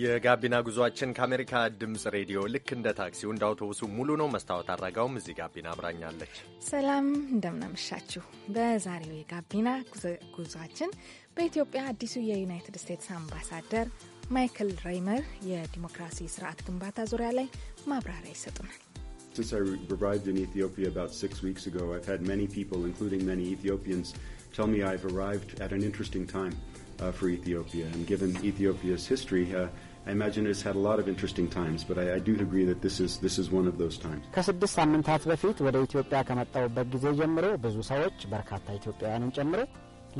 የጋቢና ጉዟችን ከአሜሪካ ድምፅ ሬዲዮ ልክ እንደ ታክሲው እንደ አውቶቡሱ ሙሉ ነው። መስታወት አድረጋውም እዚህ ጋቢና አብራኛለች። ሰላም እንደምናመሻችሁ። በዛሬው የጋቢና ጉዟችን በኢትዮጵያ አዲሱ የዩናይትድ ስቴትስ አምባሳደር ማይክል ሬይመር የዲሞክራሲ ስርዓት ግንባታ ዙሪያ ላይ ማብራሪያ ይሰጡናል። Since I arrived in Ethiopia about six weeks ago, I've had many people, including many Ethiopians, tell me I've arrived at an interesting time. for Ethiopia. And given Ethiopia's history, I imagine it's had a lot of interesting times, but I, I do agree that this is, this is one of those times. ከስድስት ሳምንታት በፊት ወደ ኢትዮጵያ ከመጣሁበት ጊዜ ጀምሮ ብዙ ሰዎች በርካታ ኢትዮጵያውያንን ጨምሮ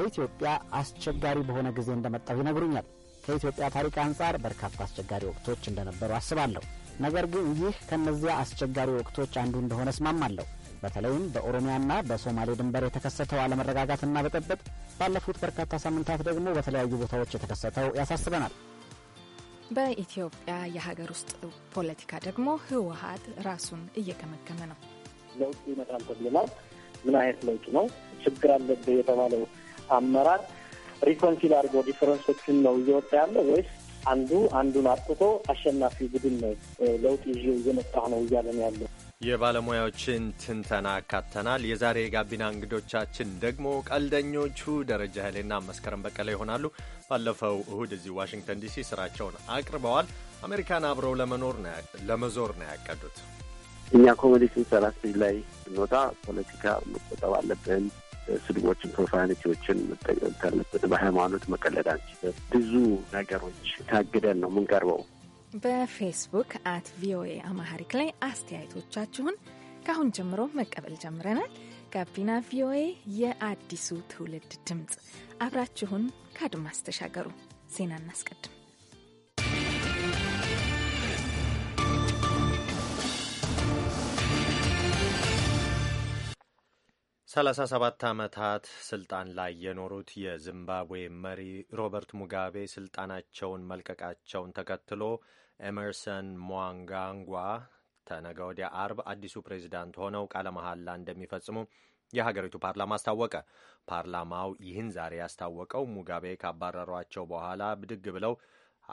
ለኢትዮጵያ አስቸጋሪ በሆነ ጊዜ እንደመጣሁ ይነግሩኛል። ከኢትዮጵያ ታሪክ አንጻር በርካታ አስቸጋሪ ወቅቶች እንደነበሩ አስባለሁ። ነገር ግን ይህ ከእነዚያ አስቸጋሪ ወቅቶች አንዱ እንደሆነ እስማማለሁ። በተለይም በኦሮሚያና በሶማሌ ድንበር የተከሰተው አለመረጋጋትና ብጥብጥ ባለፉት በርካታ ሳምንታት ደግሞ በተለያዩ ቦታዎች የተከሰተው ያሳስበናል። በኢትዮጵያ የሀገር ውስጥ ፖለቲካ ደግሞ ህወሀት ራሱን እየገመገመ ነው። ለውጥ ይመጣል ተብለናል። ምን አይነት ለውጥ ነው? ችግር አለብህ የተባለው አመራር ሪኮንሲል አድርጎ ዲፈረንሶችን ነው እየወጣ ያለው ወይስ አንዱ አንዱን አጥቶ አሸናፊ ቡድን ነው ለውጥ ይዤ እየመጣሁ ነው እያለን ያለው የባለሙያዎችን ትንተና አካተናል። የዛሬ የጋቢና እንግዶቻችን ደግሞ ቀልደኞቹ ደረጃ ኃይሌና መስከረም በቀለ ይሆናሉ። ባለፈው እሁድ እዚህ ዋሽንግተን ዲሲ ስራቸውን አቅርበዋል። አሜሪካን አብረው ለመኖር ለመዞር ነው ያቀዱት። እኛ ኮሜዲ ስንሰራ ስቴጅ ላይ ስንወጣ ፖለቲካ መቆጠብ አለብን። ስድቦችን፣ ፕሮፋኒቲዎችን መጠቀም ካለብን በሃይማኖት መቀለድ አንችልም። ብዙ ነገሮች ታግደን ነው የምንቀርበው በፌስቡክ አት ቪኦኤ አማሐሪክ ላይ አስተያየቶቻችሁን ከአሁን ጀምሮ መቀበል ጀምረናል። ጋቢና ቪኦኤ የአዲሱ ትውልድ ድምፅ፣ አብራችሁን ከአድማስ ተሻገሩ። ዜና እናስቀድም። ሰላሳ ሰባት ዓመታት ስልጣን ላይ የኖሩት የዚምባብዌ መሪ ሮበርት ሙጋቤ ስልጣናቸውን መልቀቃቸውን ተከትሎ ኤመርሰን ሟንጋንጓ ተነገ ወዲያ አርብ አዲሱ ፕሬዚዳንት ሆነው ቃለ መሐላ እንደሚፈጽሙ የሀገሪቱ ፓርላማ አስታወቀ። ፓርላማው ይህን ዛሬ ያስታወቀው ሙጋቤ ካባረሯቸው በኋላ ብድግ ብለው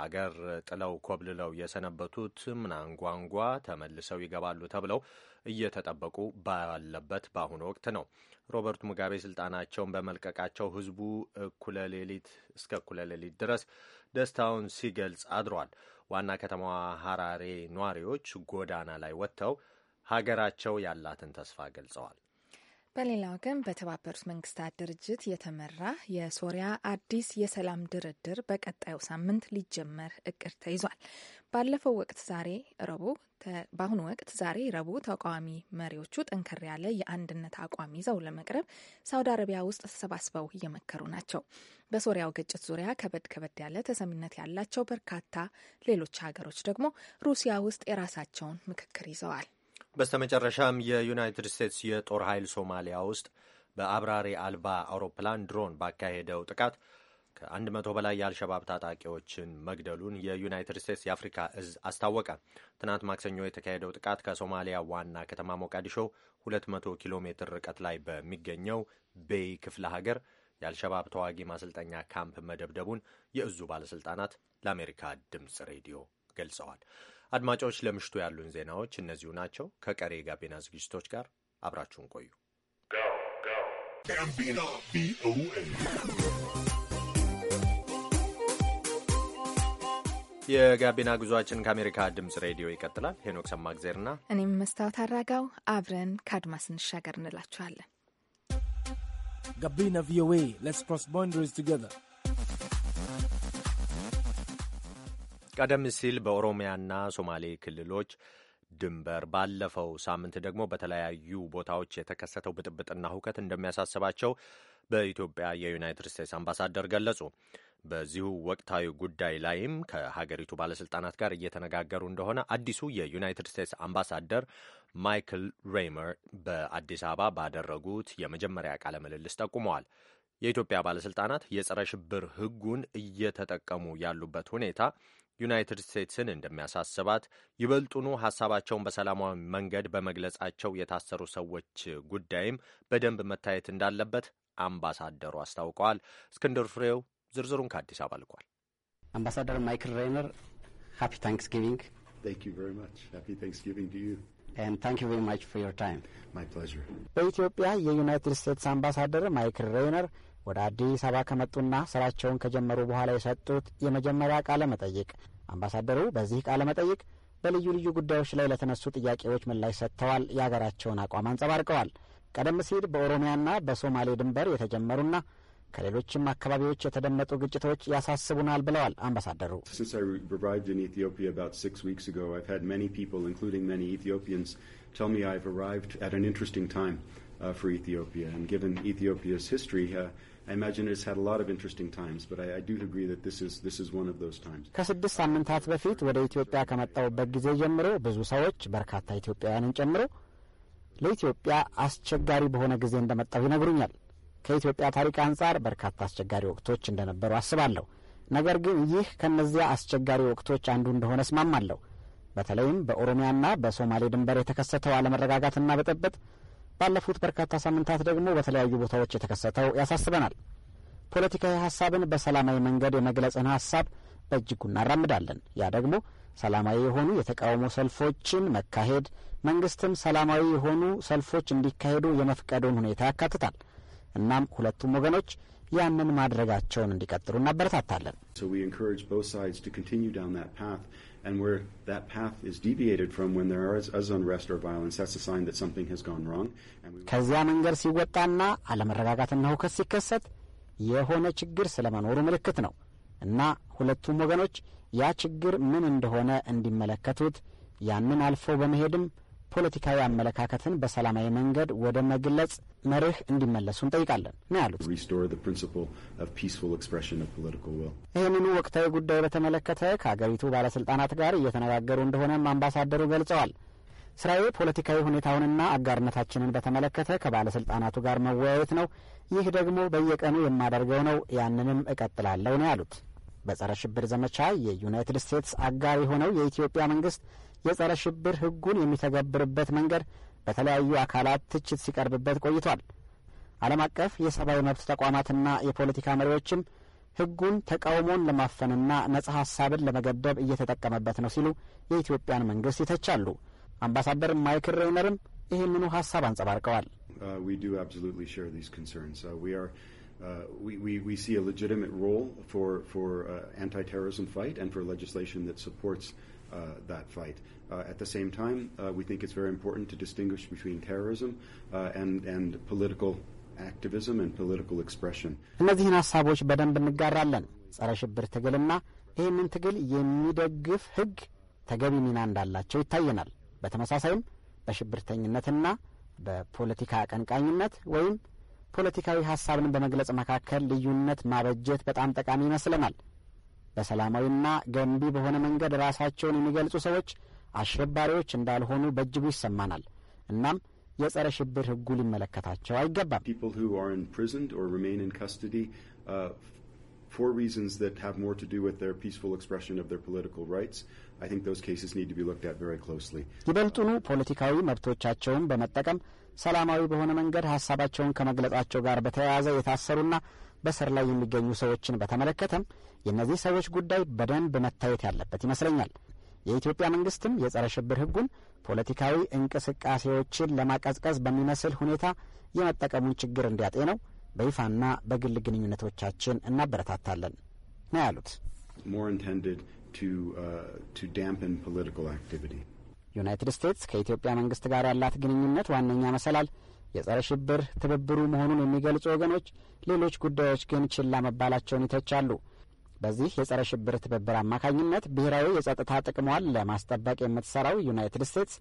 አገር ጥለው ኮብልለው የሰነበቱት ምናንጓንጓ ተመልሰው ይገባሉ ተብለው እየተጠበቁ ባለበት በአሁኑ ወቅት ነው። ሮበርት ሙጋቤ ስልጣናቸውን በመልቀቃቸው ህዝቡ እኩለ ሌሊት እስከ እኩለ ሌሊት ድረስ ደስታውን ሲገልጽ አድሯል። ዋና ከተማዋ ሀራሬ ነዋሪዎች ጎዳና ላይ ወጥተው ሀገራቸው ያላትን ተስፋ ገልጸዋል። በሌላ ወገን በተባበሩት መንግስታት ድርጅት የተመራ የሶሪያ አዲስ የሰላም ድርድር በቀጣዩ ሳምንት ሊጀመር እቅድ ተይዟል። ባለፈው ወቅት ዛሬ ረቡዕ በአሁኑ ወቅት ዛሬ ረቡዕ ተቃዋሚ መሪዎቹ ጠንከር ያለ የአንድነት አቋም ይዘው ለመቅረብ ሳውዲ አረቢያ ውስጥ ተሰባስበው እየመከሩ ናቸው። በሶሪያው ግጭት ዙሪያ ከበድ ከበድ ያለ ተሰሚነት ያላቸው በርካታ ሌሎች ሀገሮች ደግሞ ሩሲያ ውስጥ የራሳቸውን ምክክር ይዘዋል። በስተመጨረሻም የዩናይትድ ስቴትስ የጦር ኃይል ሶማሊያ ውስጥ በአብራሪ አልባ አውሮፕላን ድሮን ባካሄደው ጥቃት ከአንድ መቶ በላይ የአልሸባብ ታጣቂዎችን መግደሉን የዩናይትድ ስቴትስ የአፍሪካ እዝ አስታወቀ። ትናንት ማክሰኞ የተካሄደው ጥቃት ከሶማሊያ ዋና ከተማ ሞቃዲሾ 200 ኪሎ ሜትር ርቀት ላይ በሚገኘው ቤይ ክፍለ ሀገር የአልሸባብ ተዋጊ ማሰልጠኛ ካምፕ መደብደቡን የእዙ ባለሥልጣናት ለአሜሪካ ድምፅ ሬዲዮ ገልጸዋል። አድማጮች፣ ለምሽቱ ያሉን ዜናዎች እነዚሁ ናቸው። ከቀሪ የጋቢና ዝግጅቶች ጋር አብራችሁን ቆዩ። የጋቢና ጉዟችን ከአሜሪካ ድምጽ ሬዲዮ ይቀጥላል። ሄኖክ ሰማግዜርና እኔም መስታወት አራጋው አብረን ከአድማስ እንሻገር እንላችኋለን። ጋቢና ቪኦኤ ሌትስ ክሮስ ቦንደሪስ ቱጌዘር ቀደም ሲል በኦሮሚያና ሶማሌ ክልሎች ድንበር ባለፈው ሳምንት ደግሞ በተለያዩ ቦታዎች የተከሰተው ብጥብጥና ሁከት እንደሚያሳስባቸው በኢትዮጵያ የዩናይትድ ስቴትስ አምባሳደር ገለጹ። በዚሁ ወቅታዊ ጉዳይ ላይም ከሀገሪቱ ባለስልጣናት ጋር እየተነጋገሩ እንደሆነ አዲሱ የዩናይትድ ስቴትስ አምባሳደር ማይክል ሬመር በአዲስ አበባ ባደረጉት የመጀመሪያ ቃለ ምልልስ ጠቁመዋል። የኢትዮጵያ ባለስልጣናት የጸረ ሽብር ሕጉን እየተጠቀሙ ያሉበት ሁኔታ ዩናይትድ ስቴትስን እንደሚያሳስባት ይበልጡኑ ሀሳባቸውን በሰላማዊ መንገድ በመግለጻቸው የታሰሩ ሰዎች ጉዳይም በደንብ መታየት እንዳለበት አምባሳደሩ አስታውቀዋል። እስክንድር ፍሬው ዝርዝሩን ከአዲስ አበባ ልኳል። አምባሳደር ማይክል ሬይነር ሃፒ ታንክስጊቪንግ በኢትዮጵያ የዩናይትድ ስቴትስ አምባሳደር ማይክል ሬይነር ወደ አዲስ አበባ ከመጡና ስራቸውን ከጀመሩ በኋላ የሰጡት የመጀመሪያ ቃለ መጠይቅ። አምባሳደሩ በዚህ ቃለ መጠይቅ በልዩ ልዩ ጉዳዮች ላይ ለተነሱ ጥያቄዎች ምላሽ ሰጥተዋል። የሀገራቸውን አቋም አንጸባርቀዋል። ቀደም ሲል በኦሮሚያና በሶማሌ ድንበር የተጀመሩና ከሌሎችም አካባቢዎች የተደመጡ ግጭቶች ያሳስቡናል ብለዋል አምባሳደሩ። for Ethiopia. And given Ethiopia's history, I imagine it's had a lot of interesting times, but I, I do agree that this is, this is one of those times. ከስድስት ሳምንታት በፊት ወደ ኢትዮጵያ ከመጣሁበት ጊዜ ጀምሮ ብዙ ሰዎች በርካታ ኢትዮጵያውያንን ጨምሮ ለኢትዮጵያ አስቸጋሪ በሆነ ጊዜ እንደመጣሁ ይነግሩኛል። ከኢትዮጵያ ታሪክ አንጻር በርካታ አስቸጋሪ ወቅቶች እንደነበሩ አስባለሁ። ነገር ግን ይህ ከእነዚያ አስቸጋሪ ወቅቶች አንዱ እንደሆነ እስማማለሁ። በተለይም በኦሮሚያና በሶማሌ ድንበር የተከሰተው አለመረጋጋትና ብጥብጥ ባለፉት በርካታ ሳምንታት ደግሞ በተለያዩ ቦታዎች የተከሰተው ያሳስበናል። ፖለቲካዊ ሀሳብን በሰላማዊ መንገድ የመግለጽን ሀሳብ በእጅጉ እናራምዳለን። ያ ደግሞ ሰላማዊ የሆኑ የተቃውሞ ሰልፎችን መካሄድ፣ መንግስትም ሰላማዊ የሆኑ ሰልፎች እንዲካሄዱ የመፍቀዱን ሁኔታ ያካትታል። እናም ሁለቱም ወገኖች ያንን ማድረጋቸውን እንዲቀጥሉ እናበረታታለን። And where that path is deviated from when there is, is unrest or violence, that's a sign that something has gone wrong. ከዚያ መንገድ ሲወጣና አለመረጋጋትና ሁከት ሲከሰት የሆነ ችግር ስለመኖሩ ምልክት ነው እና ሁለቱም ወገኖች ያ ችግር ምን እንደሆነ እንዲመለከቱት ያንን አልፎ በመሄድም ፖለቲካዊ አመለካከትን በሰላማዊ መንገድ ወደ መግለጽ መርህ እንዲመለሱ እንጠይቃለን ነው ያሉት። ይህንኑ ወቅታዊ ጉዳይ በተመለከተ ከሀገሪቱ ባለስልጣናት ጋር እየተነጋገሩ እንደሆነም አምባሳደሩ ገልጸዋል። ስራዬ ፖለቲካዊ ሁኔታውንና አጋርነታችንን በተመለከተ ከባለስልጣናቱ ጋር መወያየት ነው። ይህ ደግሞ በየቀኑ የማደርገው ነው። ያንንም እቀጥላለሁ ነው ያሉት። በጸረ ሽብር ዘመቻ የዩናይትድ ስቴትስ አጋር የሆነው የኢትዮጵያ መንግስት የጸረ ሽብር ህጉን የሚተገብርበት መንገድ በተለያዩ አካላት ትችት ሲቀርብበት ቆይቷል። ዓለም አቀፍ የሰብአዊ መብት ተቋማትና የፖለቲካ መሪዎችም ህጉን ተቃውሞን ለማፈንና ነጻ ሀሳብን ለመገደብ እየተጠቀመበት ነው ሲሉ የኢትዮጵያን መንግስት ይተቻሉ። አምባሳደር ማይክል ሬይነርም ይህንኑ ሀሳብ አንጸባርቀዋል። ሲ uh, Uh, that fight. Uh, at the same time, uh, we think it's very important to distinguish between terrorism and, and political activism and political expression. በሰላማዊና ገንቢ በሆነ መንገድ ራሳቸውን የሚገልጹ ሰዎች አሸባሪዎች እንዳልሆኑ በእጅጉ ይሰማናል። እናም የጸረ ሽብር ሕጉ ሊመለከታቸው አይገባም። uh, for reasons that have more to do with their peaceful expression of their political rights, I think those cases need to be looked at very closely. ይበልጡኑ ፖለቲካዊ መብቶቻቸውን በመጠቀም ሰላማዊ በሆነ መንገድ ሀሳባቸውን ከመግለጻቸው ጋር በተያያዘ የታሰሩና በስር ላይ የሚገኙ ሰዎችን በተመለከተም የእነዚህ ሰዎች ጉዳይ በደንብ መታየት ያለበት ይመስለኛል። የኢትዮጵያ መንግስትም የጸረ ሽብር ህጉን ፖለቲካዊ እንቅስቃሴዎችን ለማቀዝቀዝ በሚመስል ሁኔታ የመጠቀሙን ችግር እንዲያጤ ነው በይፋና በግል ግንኙነቶቻችን እናበረታታለን ነው ያሉት። uh, ዩናይትድ ስቴትስ ከኢትዮጵያ መንግስት ጋር ያላት ግንኙነት ዋነኛ መሰላል የጸረ ሽብር ትብብሩ መሆኑን የሚገልጹ ወገኖች ሌሎች ጉዳዮች ግን ችላ መባላቸውን ይተቻሉ። በዚህ የጸረ ሽብር ትብብር አማካኝነት ብሔራዊ የጸጥታ ጥቅሟን ለማስጠበቅ የምትሰራው ዩናይትድ ስቴትስ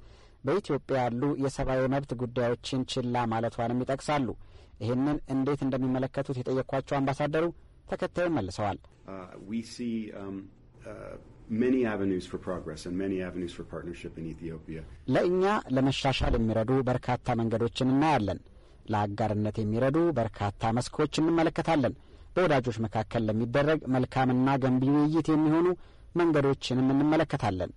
በኢትዮጵያ ያሉ የሰብአዊ መብት ጉዳዮችን ችላ ማለቷንም ይጠቅሳሉ። ይህንን እንዴት እንደሚመለከቱት የጠየኳቸው አምባሳደሩ ተከታዩን መልሰዋል። uh, ለእኛ ለመሻሻል የሚረዱ በርካታ መንገዶችን እናያለን። ለአጋርነት የሚረዱ በርካታ መስኮች እንመለከታለን። በወዳጆች መካከል ለሚደረግ መልካምና ገንቢ ውይይት የሚሆኑ መንገዶችንም እንመለከታለን።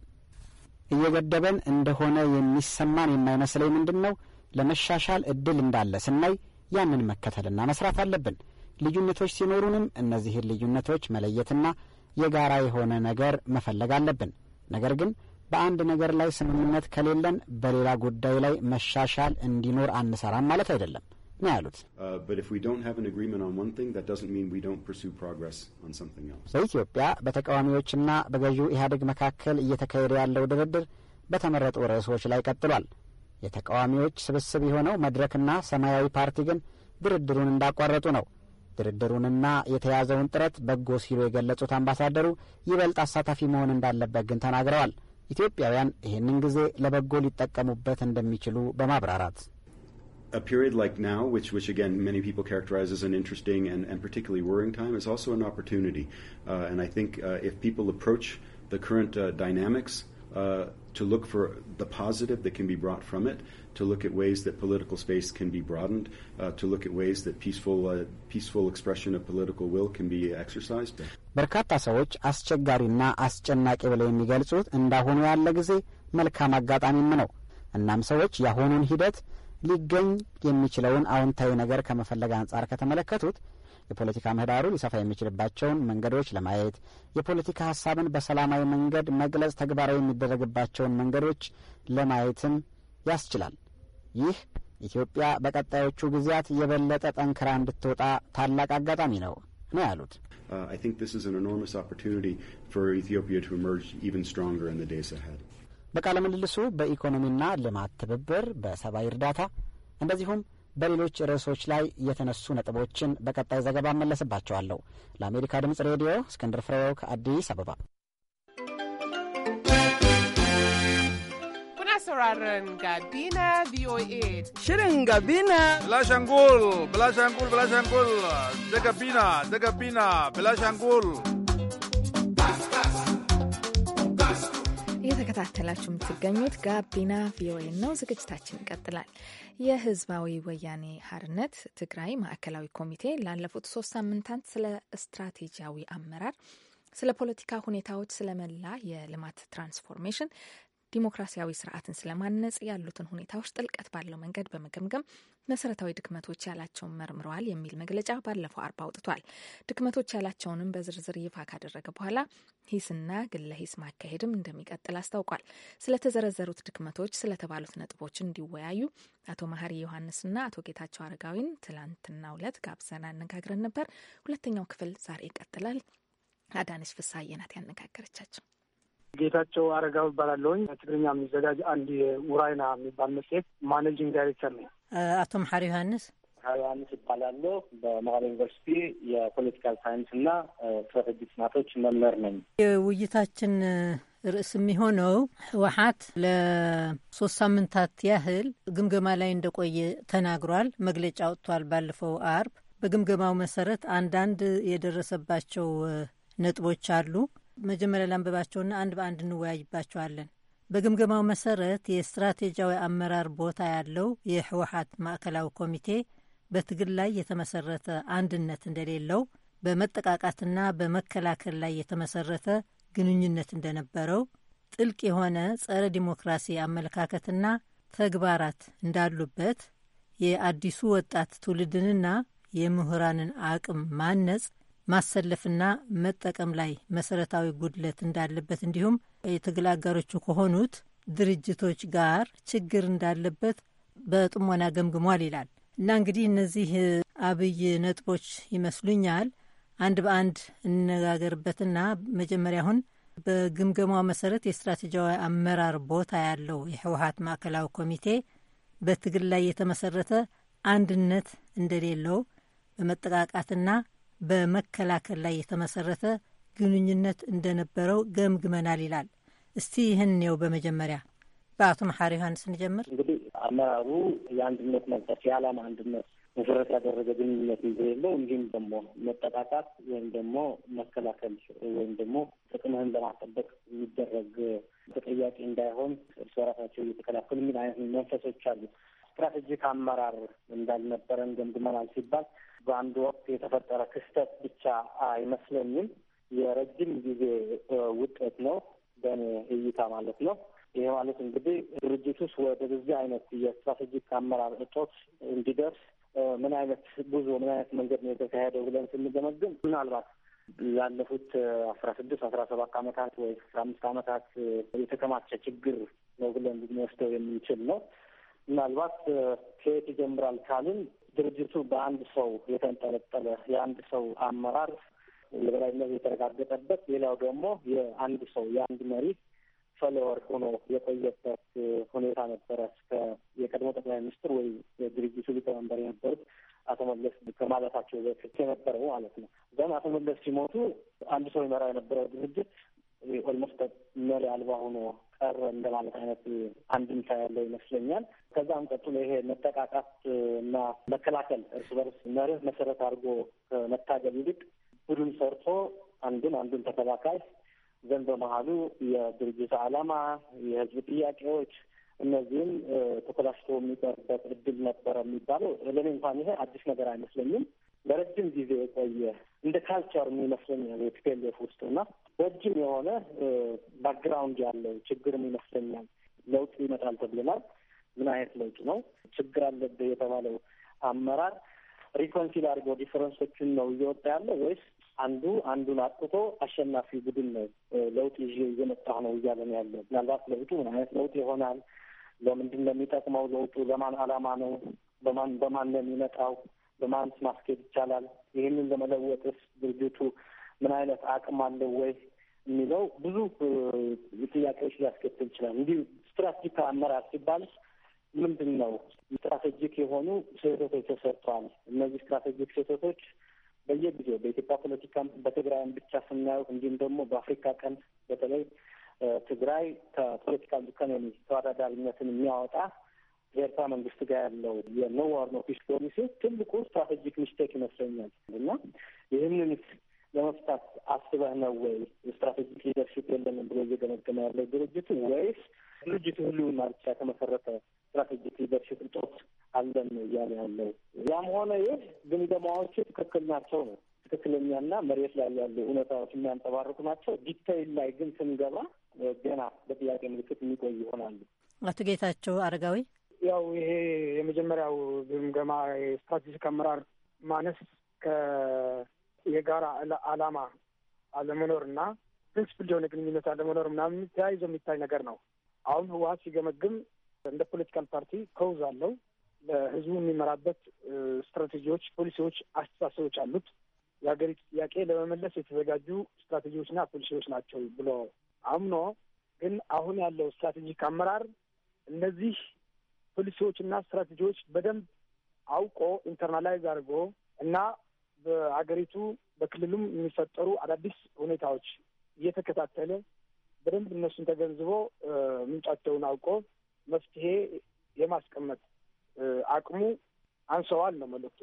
እየገደበን እንደሆነ የሚሰማን የማይመስለኝ ምንድን ነው? ለመሻሻል እድል እንዳለ ስናይ ያንን መከተልና መስራት አለብን። ልዩነቶች ሲኖሩንም እነዚህን ልዩነቶች መለየትና የጋራ የሆነ ነገር መፈለግ አለብን። ነገር ግን በአንድ ነገር ላይ ስምምነት ከሌለን በሌላ ጉዳይ ላይ መሻሻል እንዲኖር አንሰራም ማለት አይደለም ነው ያሉት። uh, በኢትዮጵያ በተቃዋሚዎችና በገዢው ኢህአዴግ መካከል እየተካሄደ ያለው ድርድር በተመረጡ ርዕሶች ላይ ቀጥሏል። የተቃዋሚዎች ስብስብ የሆነው መድረክና ሰማያዊ ፓርቲ ግን ድርድሩን እንዳቋረጡ ነው ድርድሩንና የተያዘውን ጥረት በጎ ሲሉ የገለጹት አምባሳደሩ ይበልጥ አሳታፊ መሆን እንዳለበት ግን ተናግረዋል። ኢትዮጵያውያን ይህንን ጊዜ ለበጎ ሊጠቀሙበት እንደሚችሉ በማብራራት A period like now, which, which again many people characterize as an interesting and, and particularly worrying time, is also an opportunity. Uh, and I think uh, if people approach the current uh, dynamics uh, to look for the positive that can be brought from it, to look at ways that political space can be broadened, uh, to look at ways that peaceful, uh, peaceful expression of political will can be exercised. በርካታ ሰዎች አስቸጋሪና አስጨናቂ ብለው የሚገልጹት እንዳሁኑ ያለ ጊዜ መልካም አጋጣሚም ነው። እናም ሰዎች የአሁኑን ሂደት ሊገኝ የሚችለውን አዎንታዊ ነገር ከመፈለግ አንጻር ከተመለከቱት የፖለቲካ ምህዳሩ ሊሰፋ የሚችልባቸውን መንገዶች ለማየት የፖለቲካ ሀሳብን በሰላማዊ መንገድ መግለጽ ተግባራዊ የሚደረግባቸውን መንገዶች ለማየትም ያስችላል። ይህ ኢትዮጵያ በቀጣዮቹ ጊዜያት የበለጠ ጠንክራ እንድትወጣ ታላቅ አጋጣሚ ነው ነው ያሉት። በቃለ ምልልሱ በኢኮኖሚና ልማት ትብብር፣ በሰብአዊ እርዳታ እንደዚሁም በሌሎች ርዕሶች ላይ የተነሱ ነጥቦችን በቀጣይ ዘገባ እመለስባቸዋለሁ። ለአሜሪካ ድምፅ ሬዲዮ እስክንድር ፍሬው ከአዲስ አበባ። sauraron Gabina VOA. Shirin Gabina. Bilashangul, Bilashangul, Bilashangul. Da Gabina, da Gabina, Bilashangul. እየተከታተላችሁ የምትገኙት ጋቢና ቪኦኤ ነው። ዝግጅታችን ይቀጥላል። የህዝባዊ ወያኔ ሀርነት ትግራይ ማዕከላዊ ኮሚቴ ላለፉት ሶስት ሳምንታት ስለ ስትራቴጂያዊ አመራር፣ ስለ ፖለቲካ ሁኔታዎች፣ ስለ መላ የልማት ትራንስፎርሜሽን፣ ዲሞክራሲያዊ ስርዓትን ስለማነጽ ያሉትን ሁኔታዎች ጥልቀት ባለው መንገድ በመገምገም መሰረታዊ ድክመቶች ያላቸውን መርምረዋል የሚል መግለጫ ባለፈው አርባ አውጥቷል። ድክመቶች ያላቸውንም በዝርዝር ይፋ ካደረገ በኋላ ሂስና ግለ ሂስ ማካሄድም እንደሚቀጥል አስታውቋል። ስለተዘረዘሩት ድክመቶች ስለተባሉት ነጥቦች እንዲወያዩ አቶ መሀሪ ዮሐንስና አቶ ጌታቸው አረጋዊን ትላንትና ሁለት ጋብዘን አነጋግረን ነበር። ሁለተኛው ክፍል ዛሬ ይቀጥላል። አዳነች ፍስሀዬ ናት ያነጋገረቻቸው። ጌታቸው አረጋው ይባላለሁኝ። ትግርኛ የሚዘጋጅ አንድ የውራይና የሚባል መጽሔት ማኔጂንግ ዳይሬክተር ነኝ። አቶ መሐሪ ዮሐንስ መሐሪ ዮሐንስ ይባላለሁ። በመቀለ ዩኒቨርሲቲ የፖለቲካል ሳይንስ እና ስትራቴጂ ጥናቶች መምህር ነኝ። የውይይታችን ርዕስ የሚሆነው ህወሀት ለሶስት ሳምንታት ያህል ግምገማ ላይ እንደቆየ ተናግሯል። መግለጫ አውጥቷል ባለፈው አርብ። በግምገማው መሰረት አንዳንድ የደረሰባቸው ነጥቦች አሉ። መጀመሪያ ላንብባቸውና አንድ በአንድ እንወያይባቸዋለን። በግምገማው መሰረት የስትራቴጂያዊ አመራር ቦታ ያለው የህወሀት ማዕከላዊ ኮሚቴ በትግል ላይ የተመሰረተ አንድነት እንደሌለው፣ በመጠቃቃትና በመከላከል ላይ የተመሰረተ ግንኙነት እንደነበረው፣ ጥልቅ የሆነ ጸረ ዲሞክራሲ አመለካከትና ተግባራት እንዳሉበት፣ የአዲሱ ወጣት ትውልድንና የምሁራንን አቅም ማነጽ ማሰለፍና መጠቀም ላይ መሰረታዊ ጉድለት እንዳለበት እንዲሁም የትግል አጋሮቹ ከሆኑት ድርጅቶች ጋር ችግር እንዳለበት በጥሞና ገምግሟል ይላል። እና እንግዲህ እነዚህ አብይ ነጥቦች ይመስሉኛል። አንድ በአንድ እንነጋገርበትና መጀመሪያ አሁን በግምገማው መሰረት የስትራቴጂያዊ አመራር ቦታ ያለው የህወሀት ማዕከላዊ ኮሚቴ በትግል ላይ የተመሰረተ አንድነት እንደሌለው በመጠቃቃትና በመከላከል ላይ የተመሰረተ ግንኙነት እንደነበረው ገምግመናል ይላል። እስቲ ይህን ው በመጀመሪያ በአቶ መሐሪ ዮሐንስ እንጀምር። እንግዲህ አመራሩ የአንድነት መንፈስ የዓላማ አንድነት መሰረት ያደረገ ግንኙነት እንደሌለው እንዲሁም ደግሞ መጠቃቃት ወይም ደግሞ መከላከል ወይም ደግሞ ጥቅምህን ለማስጠበቅ የሚደረግ ተጠያቂ እንዳይሆን እርስ በራሳቸው እየተከላከሉ የሚል አይነት መንፈሶች አሉ። ስትራቴጂክ አመራር እንዳልነበረን ገምግመናል ሲባል በአንድ ወቅት የተፈጠረ ክስተት ብቻ አይመስለኝም። የረጅም ጊዜ ውጤት ነው በእኔ እይታ ማለት ነው። ይሄ ማለት እንግዲህ ድርጅት ውስጥ ወደዚህ አይነት የስትራቴጂክ አመራር እጦት እንዲደርስ ምን አይነት ጉዞ ምን አይነት መንገድ ነው የተካሄደው ብለን ስንገመግም ምናልባት ላለፉት አስራ ስድስት አስራ ሰባት አመታት ወይ አስራ አምስት አመታት የተከማቸ ችግር ነው ብለን ልንወስደው የምንችል ነው። ምናልባት ከየት ይጀምራል ካልን ድርጅቱ በአንድ ሰው የተንጠለጠለ የአንድ ሰው አመራር የበላይነት የተረጋገጠበት፣ ሌላው ደግሞ የአንድ ሰው የአንድ መሪ ፎሎወር ሆኖ የቆየበት ሁኔታ ነበረ። እስከ የቀድሞ ጠቅላይ ሚኒስትር ወይ የድርጅቱ ሊቀመንበር የነበሩት አቶ መለስ ከማለታቸው በፊት የነበረው ማለት ነው። ዘን አቶ መለስ ሲሞቱ አንድ ሰው ይመራ የነበረው ድርጅት ኦልሞስት መሪ አልባ ሆኖ ቀረ እንደማለት አይነት አንድምታ ያለው ይመስለኛል። ከዛም ቀጥሎ ይሄ መጠቃቃት እና መከላከል እርስ በርስ መርህ መሰረት አድርጎ ከመታገል ይልቅ ቡድን ሰርቶ አንዱን አንዱን ተከላካይ ዘን በመሀሉ የድርጅቱ ዓላማ፣ የህዝብ ጥያቄዎች እነዚህም ተኮላሽቶ የሚቀርበት እድል ነበረ የሚባለው ለእኔ እንኳን ይሄ አዲስ ነገር አይመስለኝም። ለረጅም ጊዜ የቆየ እንደ ካልቸር ይመስለኛል የፒፒኤልኤፍ ውስጥ እና ረጅም የሆነ ባክግራውንድ ያለው ችግርም ይመስለኛል ለውጥ ይመጣል ተብለናል። ምን አይነት ለውጥ ነው? ችግር አለብህ የተባለው አመራር ሪኮንሲል አድርገው ዲፈረንሶችን ነው እየወጣ ያለው ወይስ አንዱ አንዱን አጥቶ አሸናፊ ቡድን ነው ለውጥ ይዤ እየመጣሁ ነው እያለ ነው ያለው? ምናልባት ለውጡ ምን አይነት ለውጥ ይሆናል? ለምንድን ነው የሚጠቅመው? ለውጡ ለማን አላማ ነው? በማን በማን ነው የሚመጣው? በማንስ ማስኬድ ይቻላል? ይህንን ለመለወጥስ ድርጅቱ ምን አይነት አቅም አለው ወይ የሚለው ብዙ ጥያቄዎች ሊያስከትል ይችላል። እንዲህ ስትራቴጂክ አመራር ሲባል ምንድን ነው? ስትራቴጂክ የሆኑ ስህተቶች ተሰርተዋል። እነዚህ ስትራቴጂክ ስህተቶች በየጊዜው በኢትዮጵያ ፖለቲካም በትግራይም ብቻ ስናየው እንዲሁም ደግሞ በአፍሪካ ቀንድ በተለይ ትግራይ ከፖለቲካ ኢኮኖሚ ተወዳዳሪነትን የሚያወጣ በኤርትራ መንግስት ጋር ያለው የኖ ዋር ኖ ፒስ ፖሊሲ ትልቁ ስትራቴጂክ ሚስቴክ ይመስለኛል እና ይህንን ለመፍታት አስበህ ነው ወይ የስትራቴጂክ ሊደርሽፕ የለንም ብሎ እየገመገመ ያለው ድርጅቱ ወይስ ድርጅቱ ህልውና ብቻ የተመሰረተ ስትራቴጂክ ሊደርሽፕ እጦት አለን እያለ ያለው? ያም ሆነ ይህ ግምገማዎቹ ትክክል ናቸው ነው ትክክለኛና መሬት ላይ ያሉ እውነታዎች የሚያንጸባርቁ ናቸው። ዲታይል ላይ ግን ስንገባ ገና በጥያቄ ምልክት የሚቆይ ይሆናሉ። አቶ ጌታቸው አረጋዊ፣ ያው ይሄ የመጀመሪያው ግምገማ የስትራቴጂክ አመራር ማነስ ከ የጋራ አላማ አለመኖር እና ፕሪንስፕል የሆነ ግንኙነት አለመኖር ምናምን ተያይዞ የሚታይ ነገር ነው። አሁን ህወሀት ሲገመግም እንደ ፖለቲካል ፓርቲ ከውዝ አለው። ለህዝቡ የሚመራበት ስትራቴጂዎች፣ ፖሊሲዎች፣ አስተሳሰቦች አሉት። የሀገሪቱ ጥያቄ ለመመለስ የተዘጋጁ ስትራቴጂዎችና ፖሊሲዎች ናቸው ብሎ አምኖ ግን አሁን ያለው ስትራቴጂክ አመራር እነዚህ ፖሊሲዎችና ስትራቴጂዎች በደንብ አውቆ ኢንተርናላይዝ አድርጎ እና በሀገሪቱ በክልሉም የሚፈጠሩ አዳዲስ ሁኔታዎች እየተከታተለ በደንብ እነሱን ተገንዝቦ ምንጫቸውን አውቆ መፍትሄ የማስቀመጥ አቅሙ አንሰዋል ነው መልእክቱ።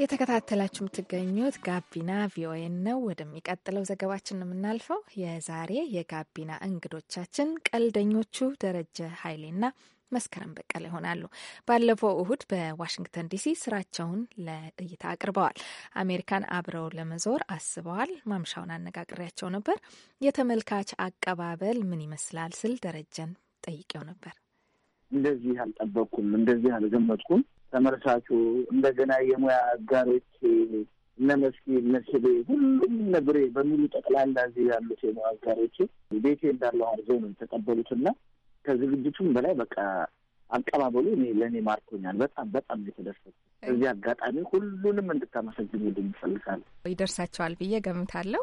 የተከታተላችሁ የምትገኙት ጋቢና ቪኦኤ ነው። ወደሚቀጥለው ዘገባችን የምናልፈው የዛሬ የጋቢና እንግዶቻችን ቀልደኞቹ ደረጀ ኃይሌና መስከረም በቀለ ይሆናሉ። ባለፈው እሁድ በዋሽንግተን ዲሲ ስራቸውን ለእይታ አቅርበዋል። አሜሪካን አብረው ለመዞር አስበዋል። ማምሻውን አነጋግሬያቸው ነበር። የተመልካች አቀባበል ምን ይመስላል ስል ደረጀን ጠይቄው ነበር። እንደዚህ አልጠበቅኩም፣ እንደዚህ አልገመጥኩም። ተመልሳቹ እንደገና የሙያ አጋሮች እነ መስኪ እነ ሁሉም ነግሬ በሙሉ ጠቅላላ እዚህ ያሉት የሙያ አጋሮች ቤቴ እንዳለው አርዘው ነው የተቀበሉትና ከዝግጅቱም በላይ በቃ አቀባበሉ ለእኔ ማርኮኛል። በጣም በጣም የተደሰት እዚህ አጋጣሚ ሁሉንም እንድታመሰግኑልኝ እፈልጋለሁ። ይደርሳቸዋል ብዬ ገምታለሁ።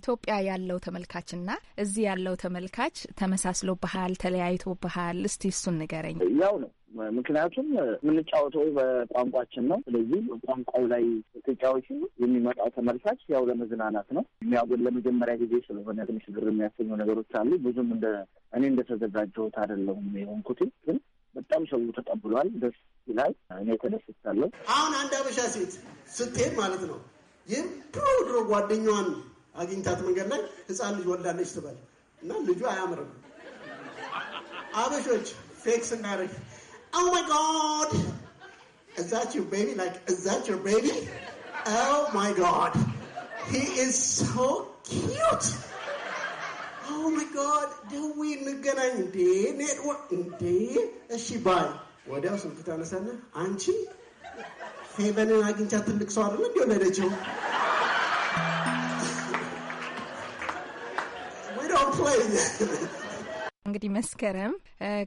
ኢትዮጵያ ያለው ተመልካችና እዚህ ያለው ተመልካች ተመሳስሎ ባህል ተለያይቶ ባህል እስቲ እሱን ንገረኝ። ያው ነው ምክንያቱም የምንጫወተው በቋንቋችን ነው። ስለዚህ ቋንቋው ላይ ተጫዋቹ የሚመጣው ተመልካች ያው ለመዝናናት ነው። የሚያጎል ለመጀመሪያ ጊዜ ስለሆነ ትንሽ ግር የሚያሰኙ ነገሮች አሉ። ብዙም እንደ እኔ እንደተዘጋጀሁት አይደለሁም የሆንኩት ግን በጣም ሰው ተቀብሏል። ደስ ይላል። እኔ ተደስቻለሁ። አሁን አንድ አበሻ ሴት ስትሄድ ማለት ነው ይህም ድሮ ድሮ ጓደኛዋን አግኝታት መንገድ ላይ ህፃን ልጅ ወልዳለች ትበል እና ልጁ አያምርም። አበሾች ፌክ ስናደርግ ኦ ማይ ጋድ እዛች ቤቢ ላይክ እዛች ቤቢ ኦ ማይ ጋድ ሂ ኢዝ ሶ ኪዩት ኦማይ ጋድ ደዌ እንገናኝ እንዴ ኔትወርክ እንዴ እሺ ባይ ወዲያው ስልክ ታነሳና አንቺ ሄቨንን አግኝቻ ትልቅ ሰው አይደል እንዲ ወለደችው እንግዲህ መስከረም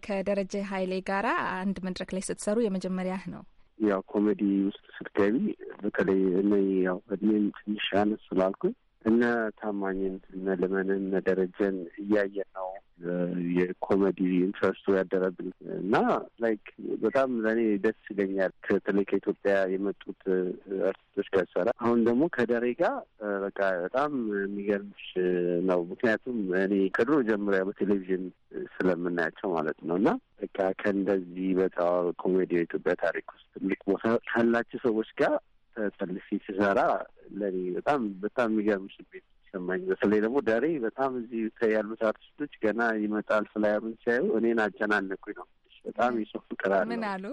ከደረጀ ኃይሌ ጋር አንድ መድረክ ላይ ስትሰሩ የመጀመሪያ ነው ያው ኮሜዲ ውስጥ ስትገቢ በተለይ እኔ ያው እድሜም ትንሽ አነስ ስላልኩኝ እነ ታማኝን እነ ልመንን እነ ደረጀን እያየን ነው የኮሜዲ ኢንትረስቱ ያደረብን እና ላይክ በጣም ለእኔ ደስ ይለኛል። በተለይ ከኢትዮጵያ የመጡት አርቲስቶች ጋር ሰራ። አሁን ደግሞ ከደሬ ጋር በቃ በጣም የሚገርምሽ ነው። ምክንያቱም እኔ ከድሮ ጀምሪያ በቴሌቪዥን ስለምናያቸው ማለት ነው እና በቃ ከእንደዚህ በጣም ኮሜዲ የኢትዮጵያ ታሪክ ውስጥ ትልቅ ቦታ ካላቸው ሰዎች ጋር ተጠልፌ ስሰራ ለኔ በጣም በጣም የሚገርም ስሜት ይሰማኝ። በተለይ ደግሞ ዳሬ በጣም እዚህ ያሉት አርቲስቶች ገና ይመጣል ፍላየሩን ሲያዩ እኔን አጨናነኩኝ ነው። በጣም የሰው ፍቅር አለ። ምን አሉ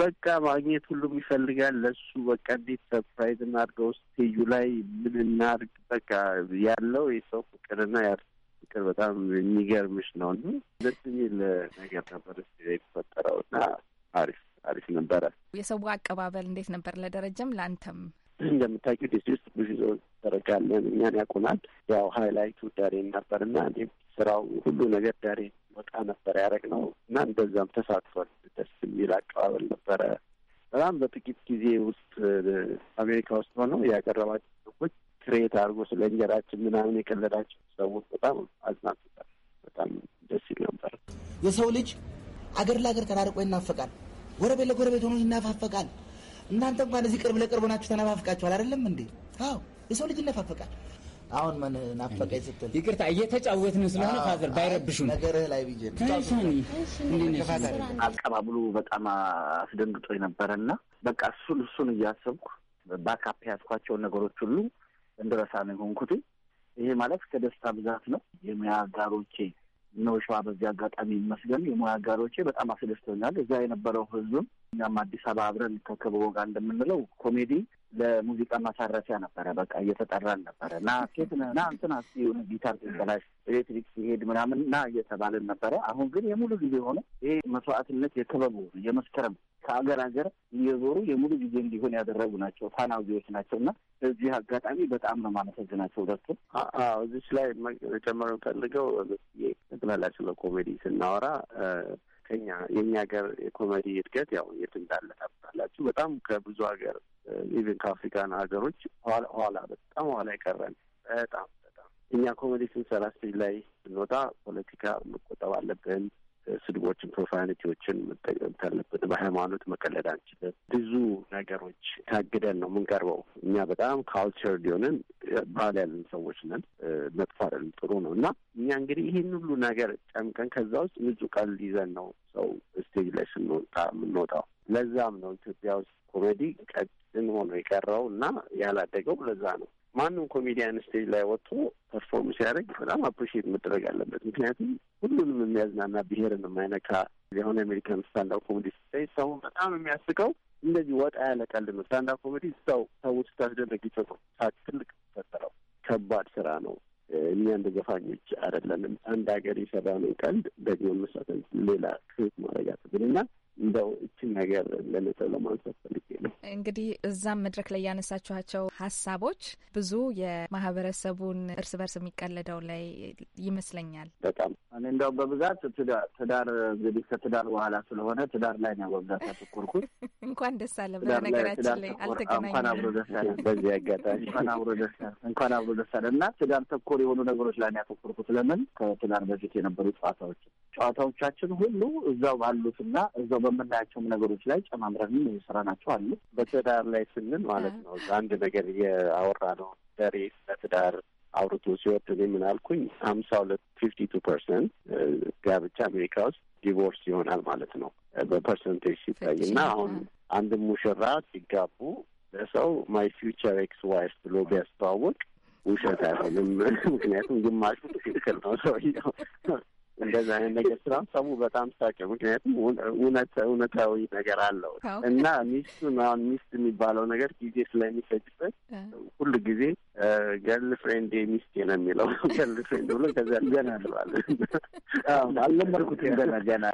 በቃ ማግኘት ሁሉም ይፈልጋል። ለሱ በቃ እንዴት ሰርፕራይዝ እናድርገው፣ ስቴዩ ላይ ምን እናድርግ፣ በቃ ያለው የሰው ፍቅርና የአርቲስት ፍቅር በጣም የሚገርምሽ ነው። ደስ የሚል ነገር ነበር የተፈጠረው እና አሪፍ አሪፍ ነበረ። የሰው አቀባበል እንዴት ነበር? ለደረጀም ለአንተም እንደምታውቂው ዲሲ ውስጥ ብዙ ዞን ተረጋለን እኛን ያቁናል። ያው ሀይላይቱ ዳሬን ነበር እና ስራው ሁሉ ነገር ዳሬ ወጣ ነበር ያደረግ ነው እና እንደዛም ተሳትፏል። ደስ የሚል አቀባበል ነበረ። በጣም በጥቂት ጊዜ ውስጥ አሜሪካ ውስጥ ሆነው ያቀረባቸው ሰዎች ክሬት አድርጎ ስለ እንጀራችን ምናምን የቀለዳቸው ሰዎች በጣም አዝናንቶታል። በጣም ደስ ይል ነበር። የሰው ልጅ አገር ለአገር ተራርቆ ይናፈቃል። ጎረቤት ለጎረቤት ሆኖ ይናፋፈቃል። እናንተ እንኳን እዚህ ቅርብ ለቅርብ ሆናችሁ ተነፋፍቃችኋል አይደለም እንዴ? አዎ የሰው ልጅ ይነፋፈቃል። አሁን ምን ናፈቀኝ ስትል ይቅርታ እየተጫወትን ስለሆነ ፋዘር ባይረብሹ ነገርህ ላይ ብዬሽ አቀባብሉ በጣም አስደንግጦ ነበረና በቃ እሱን እሱን እያሰብኩ ባካፕ ያዝኳቸውን ነገሮች ሁሉ እንድረሳ ነው የሆንኩት። ይሄ ማለት ከደስታ ብዛት ነው የሙያ የሚያጋሮቼ ነው ሸዋ። በዚህ አጋጣሚ ይመስገን የሙያ አጋሮቼ በጣም አስደስቶኛል። እዚያ የነበረው ህዝብም እኛም አዲስ አበባ አብረን ከከበቦ ጋር እንደምንለው ኮሜዲ ለሙዚቃ ማሳረፊያ ነበረ። በቃ እየተጠራን ነበረ እና ኬት ና እንትን ሆነ ጊታር ሲበላሽ ኤሌክትሪክ ሲሄድ ምናምን ና እየተባለን ነበረ። አሁን ግን የሙሉ ጊዜ ሆነ። ይሄ መስዋዕትነት የክበቡ የመስከረም ከአገር ሀገር እየዞሩ የሙሉ ጊዜ እንዲሆን ያደረጉ ናቸው። ፋናዊዎች ናቸው እና እዚህ አጋጣሚ በጣም ነው ማመሰግናቸው። ሁለቱ እዚች ላይ መጨመር ፈልገው ጠቅላላ ስለ ኮሜዲ ስናወራ ከኛ የእኛ ሀገር የኮሜዲ እድገት ያው የት እንዳለ ታውቃላችሁ። በጣም ከብዙ ሀገር ኢቨን ከአፍሪካን ሀገሮች ኋላ በጣም ኋላ ይቀረን በጣም በጣም እኛ ኮሜዲ ስንሰራ ስቴጅ ላይ ስንወጣ ፖለቲካ መቆጠብ አለብን። ስድቦችን፣ ፕሮፋኒቲዎችን መጠቀምት አለብን። በሃይማኖት መቀለድ አንችልም። ብዙ ነገሮች ታግደን ነው የምንቀርበው። እኛ በጣም ካልቸር ሊሆንን ባህል ያለን ሰዎች ነን። መጥፎ አይደለም ጥሩ ነው እና እኛ እንግዲህ ይህን ሁሉ ነገር ጨምቀን ከዛ ውስጥ ንጹህ ቀልድ ይዘን ነው ሰው ስቴጅ ላይ ስንወጣ የምንወጣው። ለዛም ነው ኢትዮጵያ ውስጥ ኮሜዲ ቀጥ ዝም ሆኖ የቀረው እና ያላደገው ለዛ ነው። ማንም ኮሜዲያን ስቴጅ ላይ ወጥቶ ፐርፎርም ሲያደርግ በጣም አፕሪሺየት መደረግ አለበት። ምክንያቱም ሁሉንም የሚያዝናና ብሔርን የማይነካ የሆነ አሜሪካን ስታንዳፕ ኮሜዲ ስቴጅ ሰው በጣም የሚያስቀው እንደዚህ ወጣ ያለ ቀልድ ነው። ስታንዳፕ ኮሜዲ ሰው ሰዎች ስታስደረግ ይፈጡ ትልቅ ፈጠረው ከባድ ስራ ነው። እኛ እንደ ዘፋኞች አይደለንም። አንድ ሀገር የሰራ ነው ቀልድ ደግሞ መሳተፍ ሌላ ክሬት ማድረግ አለብን እና እንደው እችን ነገር ለልጠው ለማንሳት ፈልጌ ነው። እንግዲህ እዛም መድረክ ላይ ያነሳችኋቸው ሀሳቦች ብዙ የማህበረሰቡን እርስ በርስ የሚቀለደው ላይ ይመስለኛል። በጣም እኔ እንደው በብዛት ትዳር እንግዲህ ከትዳር በኋላ ስለሆነ ትዳር ላይ ነው በብዛት ያተኮርኩት። እንኳን ደስ አለ። በነገራችን ላይ አልተገናኘንም። እንኳን አብሮ ደስ አለ። በዚህ አጋጣሚ እንኳን አብሮ ደስ አለ። እንኳን አብሮ ደስ አለ እና ትዳር ተኮር የሆኑ ነገሮች ላይ ነው ያተኮርኩት። ለምን ከትዳር በፊት የነበሩ ጨዋታዎች ጨዋታዎቻችን ሁሉ እዛው ባሉትና እዛው በምናያቸውም ነገሮች ላይ ጨማምረን የስራ ናቸው አሉ። በትዳር ላይ ስንል ማለት ነው አንድ ነገር እያወራ ነው ደሬ ለትዳር አውርቶ ሲወርድ እኔ ምን አልኩኝ ሀምሳ ሁለት ፊፍቲ ቱ ፐርሰንት ጋብቻ አሜሪካ ውስጥ ዲቮርስ ይሆናል ማለት ነው በፐርሰንቴጅ ሲታይ እና አሁን አንድ ሙሽራ ሲጋቡ ለሰው ማይ ፊውቸር ኤክስ ዋይፍ ብሎ ቢያስተዋወቅ ውሸት አይሆንም። ምክንያቱም ግማሹ ትክክል ነው ሰውየው እንደዛ አይነት ነገር ስራም ስላሰቡ በጣም ሳቄ። ምክንያቱም እውነት እውነታዊ ነገር አለው እና ሚስቱን አሁን ሚስት የሚባለው ነገር ጊዜ ስለሚፈጅበት ሁሉ ጊዜ ገርል ፍሬንድ ሚስቴ ነው የሚለው ገርል ፍሬንድ ብሎ ከዚያ ገና ልባል አልለመድኩትም ገና ገና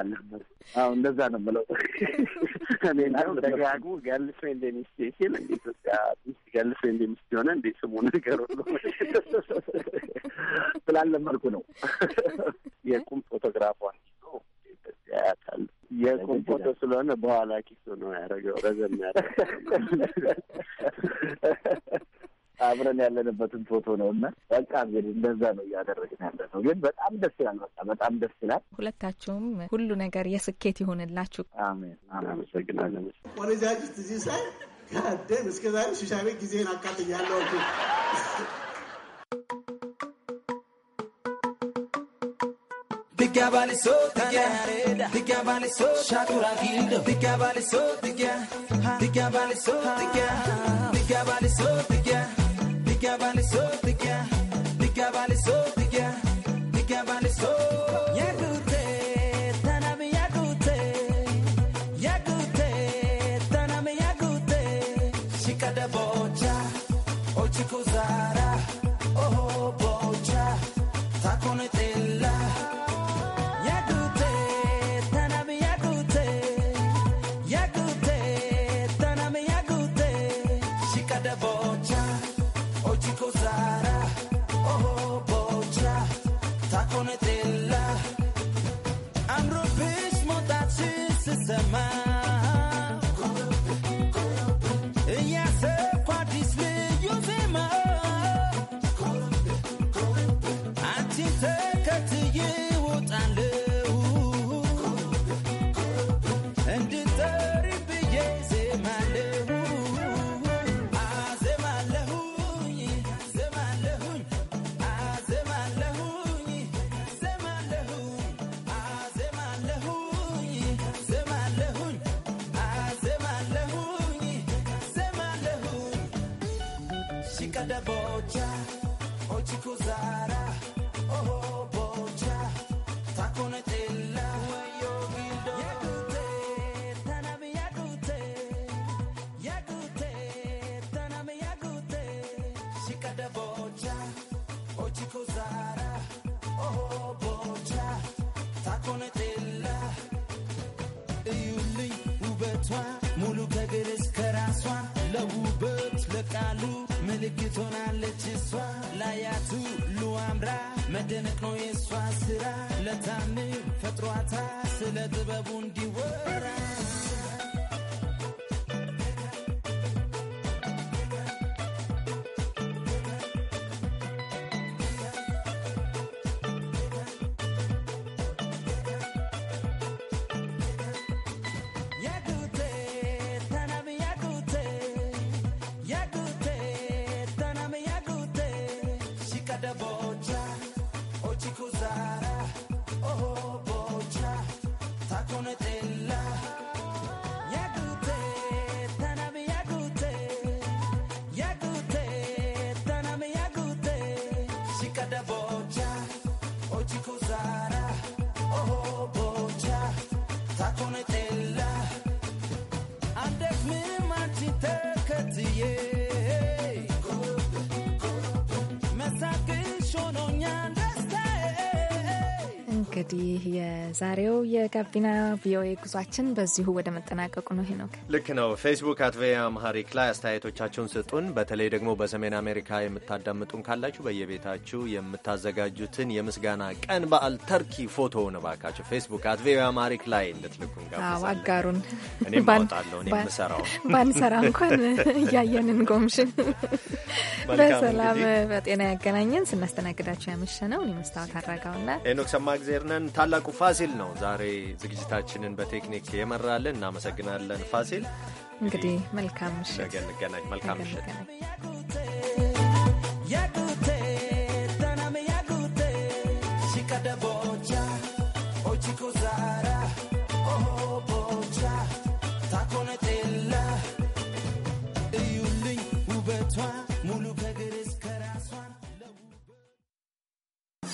አሁ እንደዛ ነው የምለው እኔ ደጋግሞ ገርል ፍሬንድ ሚስቴ ሲል እንደ ኢትዮጵያ ሚስት ገርል ፍሬንድ ሚስት የሆነ እንዴ ስሙ ነገር ሁሉ ስላለመርኩ ነው። የቁም ፎቶግራፏን ይዞ ያያታል። የቁም ፎቶ ስለሆነ በኋላ ኪሶ ነው ያደረገው ረዘም ያደረገ አብረን ያለንበትን ፎቶ ነው እና በቃ እንግዲህ እንደዛ ነው እያደረግን ያለ ነው። ግን በጣም ደስ ይላል። በቃ በጣም ደስ ይላል። ሁለታችሁም ሁሉ ነገር የስኬት ይሆንላችሁ። አሜን። አመሰግናለን። ጅት እዚህ ሳይ ከደም እስከዛሬ ሽሻቤ ጊዜን አቃጥያለሁ። Tika vale sotiga, tika vale so shatura gildo. Tika vale sotiga, tika vale sotiga, tika vale sotiga, tika vale sotiga, tika vale sotiga. the boat. 第一页。የዛሬው የጋቢና ቪኦኤ ጉዟችን በዚሁ ወደ መጠናቀቁ ነው። ሄኖክ ልክ ነው። ፌስቡክ አት ቪኦኤ አምሃሪክ ላይ አስተያየቶቻችሁን ስጡን። በተለይ ደግሞ በሰሜን አሜሪካ የምታዳምጡን ካላችሁ በየቤታችሁ የምታዘጋጁትን የምስጋና ቀን በዓል ተርኪ ፎቶ እባካችሁ ፌስቡክ አት ቪኦኤ አምሃሪክ ላይ እንድትልኩን ጋብዛለሁ። አጋሩን እኔም አወጣለሁ። እኔ የምሰራው ባንሰራ እንኳን እያየንን ጎምሽን በሰላም በጤና ያገናኘን። ስናስተናግዳቸው ያመሸ ነው እኔ መስታወት አድረጋውና ሄኖክ ሰማ ጊዜርነን ታላቁ ፋሲ ፋሲል ነው ዛሬ ዝግጅታችንን በቴክኒክ የመራልን። እናመሰግናለን ፋሲል። እንግዲህ መልካም ምሽት፣ ነገ እንገናኝ። መልካም ምሽት።